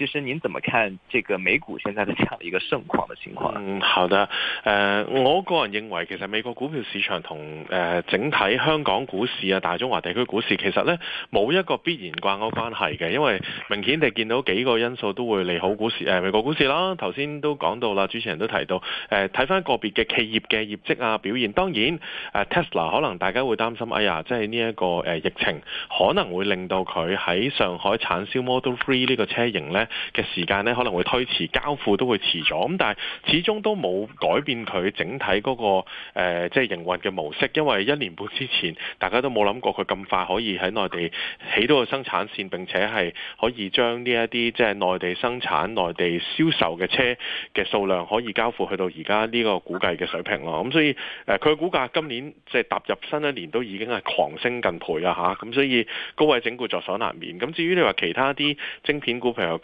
其實您怎麼看這個美股現在的這樣一個盛況的情況？嗯，好的。誒、呃，我個人認為其實美國股票市場同誒、呃、整體香港股市啊、大中華地區股市其實呢，冇一個必然掛鈎關係嘅，因為明顯地見到幾個因素都會利好股市誒、呃、美國股市啦。頭先都講到啦，主持人都提到誒，睇、呃、翻個別嘅企業嘅業績啊表現。當然誒 Tesla、呃、可能大家會擔心哎呀，即係呢一個誒、呃、疫情可能會令到佢喺上海產銷 Model 3呢個車型呢。嘅時間呢，可能會推遲，交付都會遲咗。咁但係始終都冇改變佢整體嗰、那個即係、呃就是、營運嘅模式。因為一年半之前大家都冇諗過佢咁快可以喺內地起到生產線，並且係可以將呢一啲即係內地生產、內地銷售嘅車嘅數量可以交付去到而家呢個估計嘅水平咯。咁所以誒，佢嘅股價今年即係、就是、踏入新一年都已經係狂升近倍啊！吓咁，所以高位整固在所難免。咁至於你話其他啲晶片股，譬如，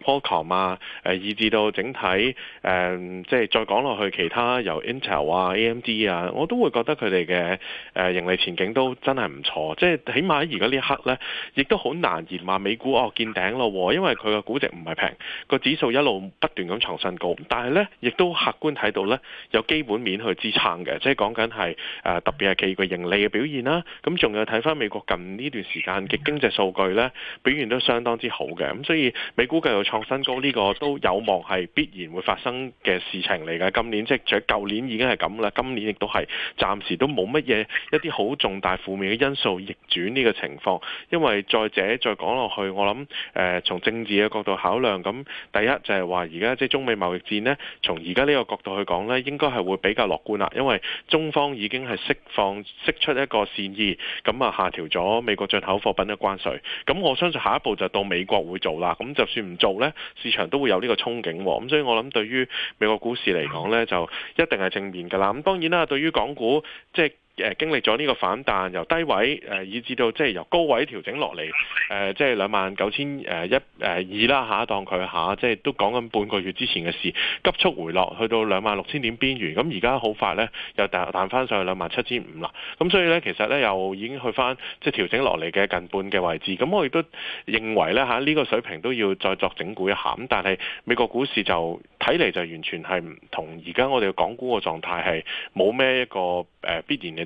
啊，誒以至到整體誒、嗯，即係再講落去，其他由 Intel 啊、AMD 啊，我都會覺得佢哋嘅誒盈利前景都真係唔錯，即係起碼而家呢一刻呢，亦都好難言話美股哦見頂咯、哦，因為佢嘅估值唔係平，個指數一路不斷咁創新高，但係呢，亦都客觀睇到呢，有基本面去支撐嘅，即係講緊係誒特別係佢盈利嘅表現啦、啊。咁仲有睇翻美國近呢段時間嘅經濟數據呢，表現都相當之好嘅，咁、嗯、所以美股繼續新高呢個都有望係必然會發生嘅事情嚟嘅。今年即係除舊年已經係咁啦，今年亦都係暫時都冇乜嘢一啲好重大負面嘅因素逆轉呢個情況。因為再者再講落去，我諗誒從政治嘅角度考量，咁第一就係話而家即係中美貿易戰呢，從而家呢個角度去講呢，應該係會比較樂觀啦。因為中方已經係釋放釋出一個善意，咁啊下調咗美國進口貨品嘅關稅。咁我相信下一步就到美國會做啦。咁就算唔做呢。市場都會有呢個憧憬喎，咁所以我諗對於美國股市嚟講咧，就一定係正面噶啦。咁當然啦，對於港股即係。誒經歷咗呢個反彈，由低位誒、呃、以至到即係由高位調整落嚟，誒即係兩萬九千一誒二啦嚇，當佢下，即、啊、係、就是、都講緊半個月之前嘅事，急速回落去到兩萬六千點邊緣，咁而家好快咧又彈返翻上去兩萬七千五啦，咁所以咧其實咧又已經去翻即係調整落嚟嘅近半嘅位置，咁我亦都認為咧下呢、啊呢個水平都要再作整固一下，咁但係美國股市就睇嚟就完全係唔同，而家我哋嘅港股嘅狀態係冇咩一個誒必然嘅。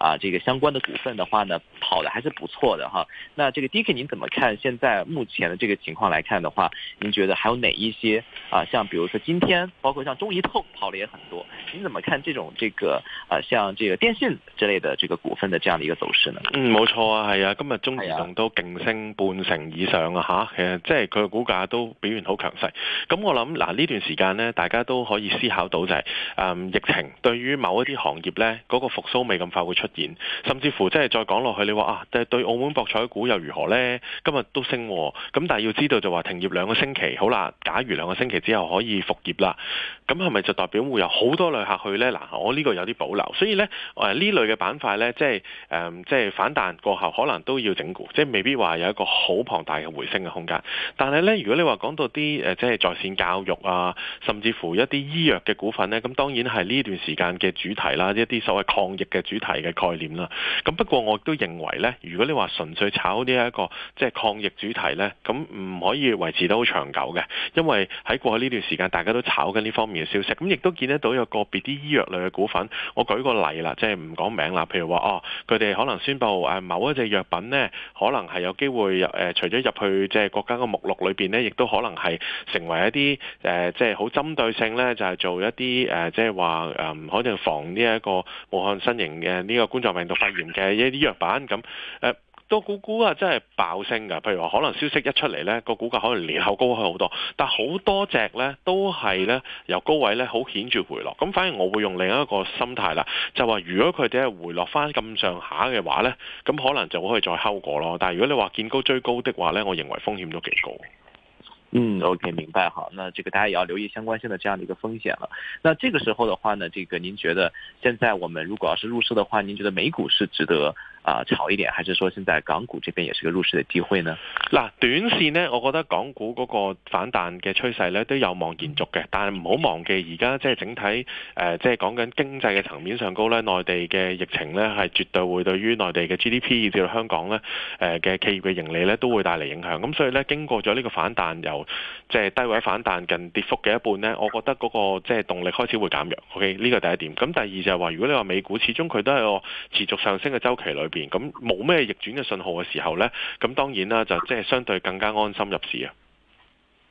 啊，這個相關的股份的話呢，跑的還是不錯的哈。那這個 DK，您怎麼看？現在目前的這個情況來看的話，您覺得還有哪一些啊？像，比如說今天，包括像中移動跑的也很多，您怎麼看這種這個啊？像這個電信之類的這個股份的這樣的一個走勢呢？嗯，冇錯啊，係啊，今日中移動都勁升半成以上啊，吓、啊啊，其實即係佢嘅股價都表現好強勢。咁我諗嗱，呢、啊、段時間呢，大家都可以思考到就係、是，嗯，疫情對於某一啲行業呢，嗰、那個復蘇未咁快會出現。甚至乎即係再講落去，你話啊對對，澳門博彩股又如何呢？今日都升，咁、嗯、但係要知道就話停業兩個星期，好啦，假如兩個星期之後可以復業啦，咁係咪就代表會有好多旅客去呢？嗱、啊，我呢個有啲保留，所以呢，誒、啊、呢類嘅板塊呢，即係誒、嗯、即係反彈過後，可能都要整固，即係未必話有一個好龐大嘅回升嘅空間。但係呢，如果你話講到啲誒、呃、即係在線教育啊，甚至乎一啲醫藥嘅股份呢，咁、嗯、當然係呢段時間嘅主題啦，一啲所謂抗疫嘅主題嘅。概念啦，咁不過我亦都認為咧，如果你話純粹炒呢一個即係抗疫主題咧，咁唔可以維持得好長久嘅，因為喺過去呢段時間大家都炒緊呢方面嘅消息，咁亦都見得到有個別啲醫藥類嘅股份，我舉個例啦，即係唔講名啦，譬如話哦，佢哋可能宣布誒某一隻藥品咧，可能係有機會誒、呃、除咗入去即係國家嘅目錄裏邊咧，亦都可能係成為一啲誒即係好針對性咧，就係、是、做一啲誒即係話誒唔可能防呢一個武漢新型嘅呢個。冠狀病毒肺炎嘅一啲藥品咁，誒都股估啊，真係爆升噶。譬如話，可能消息一出嚟呢，個股價可能年後高開好多。但好多隻呢都係呢由高位呢好顯著回落。咁反而我會用另一個心態啦，就話如果佢哋係回落翻咁上下嘅話呢，咁可能就會可以再睺過咯。但係如果你話見高追高嘅話呢，我認為風險都幾高。嗯，OK，明白好，那這個大家也要留意相關性的這樣的一個風險了。那這個時候的話呢，這個您覺得現在我們如果要是入市的話，您覺得美股是值得啊、呃、炒一點，還是說現在港股這邊也是個入市的機會呢？嗱，短線呢，我覺得港股嗰個反彈嘅趨勢咧都有望延續嘅，但係唔好忘記而家即係整體誒、呃，即係、呃、講緊經濟嘅層面上高咧，內地嘅疫情咧係絕對會對於內地嘅 GDP 以至香港咧誒嘅企業嘅盈利咧都會帶嚟影響。咁所以咧經過咗呢個反彈由即係低位反彈近跌幅嘅一半呢，我覺得嗰個即係動力開始會減弱。OK，呢個第一點。咁第二就係話，如果你話美股始終佢都係個持續上升嘅周期裏邊，咁冇咩逆轉嘅信號嘅時候呢，咁當然啦，就即係相對更加安心入市啊。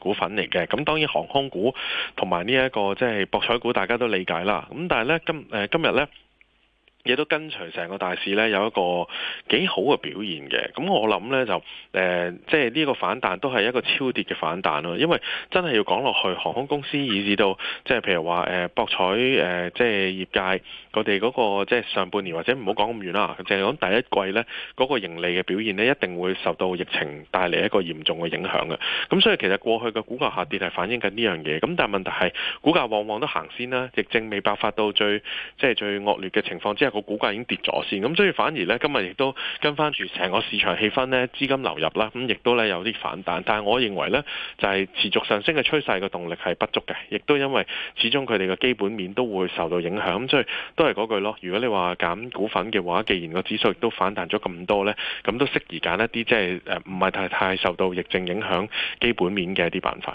股份嚟嘅，咁當然航空股同埋呢一個即係博彩股，大家都理解啦。咁但係呢，今、呃、今日呢亦都跟隨成個大市呢，有一個幾好嘅表現嘅。咁我諗呢，就即係呢個反彈都係一個超跌嘅反彈咯。因為真係要講落去，航空公司以至到即係、即係、譬如話、呃、博彩即係、呃即係、業界。佢哋嗰個即係上半年或者唔好講咁遠啦，淨係講第一季呢，嗰個盈利嘅表現呢，一定會受到疫情帶嚟一個嚴重嘅影響嘅。咁所以其實過去嘅股價下跌係反映緊呢樣嘢。咁但係問題係股價往往都行先啦，疫症未爆發到最即係最惡劣嘅情況之下，個股價已經跌咗先。咁所以反而呢，今日亦都跟翻住成個市場氣氛呢，資金流入啦，咁亦都呢，都有啲反彈。但係我認為呢，就係持續上升嘅趨勢嘅動力係不足嘅，亦都因為始終佢哋嘅基本面都會受到影響，咁所以。都係嗰句咯。如果你話減股份嘅話，既然個指數亦都反彈咗咁多呢，咁都適宜揀一啲，即係唔係太太受到疫症影響基本面嘅一啲板塊。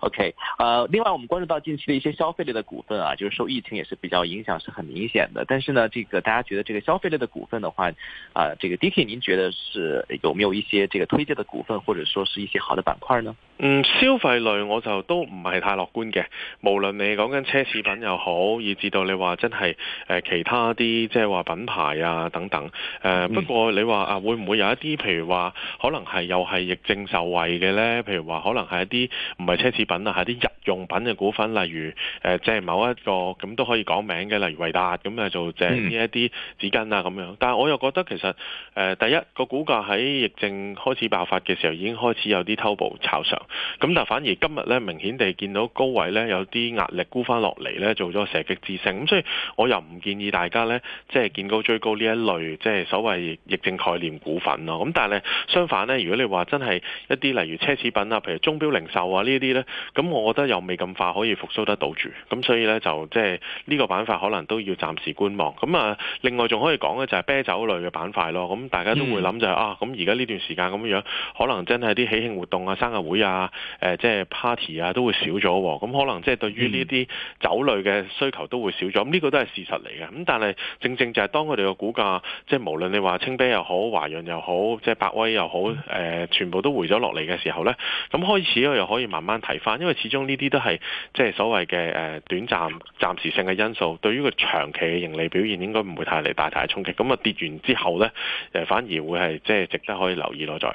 O.K. 呃、uh, 另外我們關注到近期的一些消費類的股份啊，就是受疫情也是比較影響，是很明顯的。但是呢，這個大家覺得這個消費類的股份的話，啊，這個 D.K. 您覺得是有沒有一些這個推薦的股份，或者說是一些好的板塊呢？嗯，消費類我就都唔係太樂觀嘅，無論你講緊奢侈品又好，以至到你話真係誒、呃、其他啲即係話品牌啊等等。誒、呃，不過你話啊，會唔會有一啲譬如話可能係又係疫症受惠嘅咧？譬如話可能係一啲唔係奢侈品。品啊，係啲日用品嘅股份，例如誒，即、呃、係某一個咁都可以講名嘅，例如維達咁啊，做即係呢一啲紙巾啊咁樣。但係我又覺得其實誒、呃，第一個股價喺疫症開始爆發嘅時候已經開始有啲偷步炒上，咁但反而今日咧，明顯地見到高位咧，有啲壓力沽，沽翻落嚟咧做咗射擊之星。咁所以我又唔建議大家咧，即係見高追高呢一類，即係所謂疫症概念股份咯。咁但係咧相反咧，如果你話真係一啲例如奢侈品啊，譬如鐘錶零售啊呢啲咧。咁我覺得又未咁快可以復甦得到住，咁所以呢，就即係呢個板塊可能都要暫時觀望。咁啊，另外仲可以講嘅就係啤酒類嘅板塊咯。咁大家都會諗就係、是嗯、啊，咁而家呢段時間咁樣可能真係啲喜慶活動啊、生日會啊、即、呃、係、就是、party 啊都會少咗喎。咁可能即係對於呢啲酒類嘅需求都會少咗。咁呢個都係事實嚟嘅。咁但係正正就係當佢哋嘅股價，即、就、係、是、無論你話青啤又好、華潤又好、即、就、係、是、百威又好、呃，全部都回咗落嚟嘅時候呢，咁開始又可以慢慢提翻。因為始終呢啲都係即係所謂嘅誒短暫暫時性嘅因素，對於個長期嘅盈利表現應該唔會太嚟大大嘅衝擊，咁啊跌完之後咧，誒反而會係即係值得可以留意咯，再。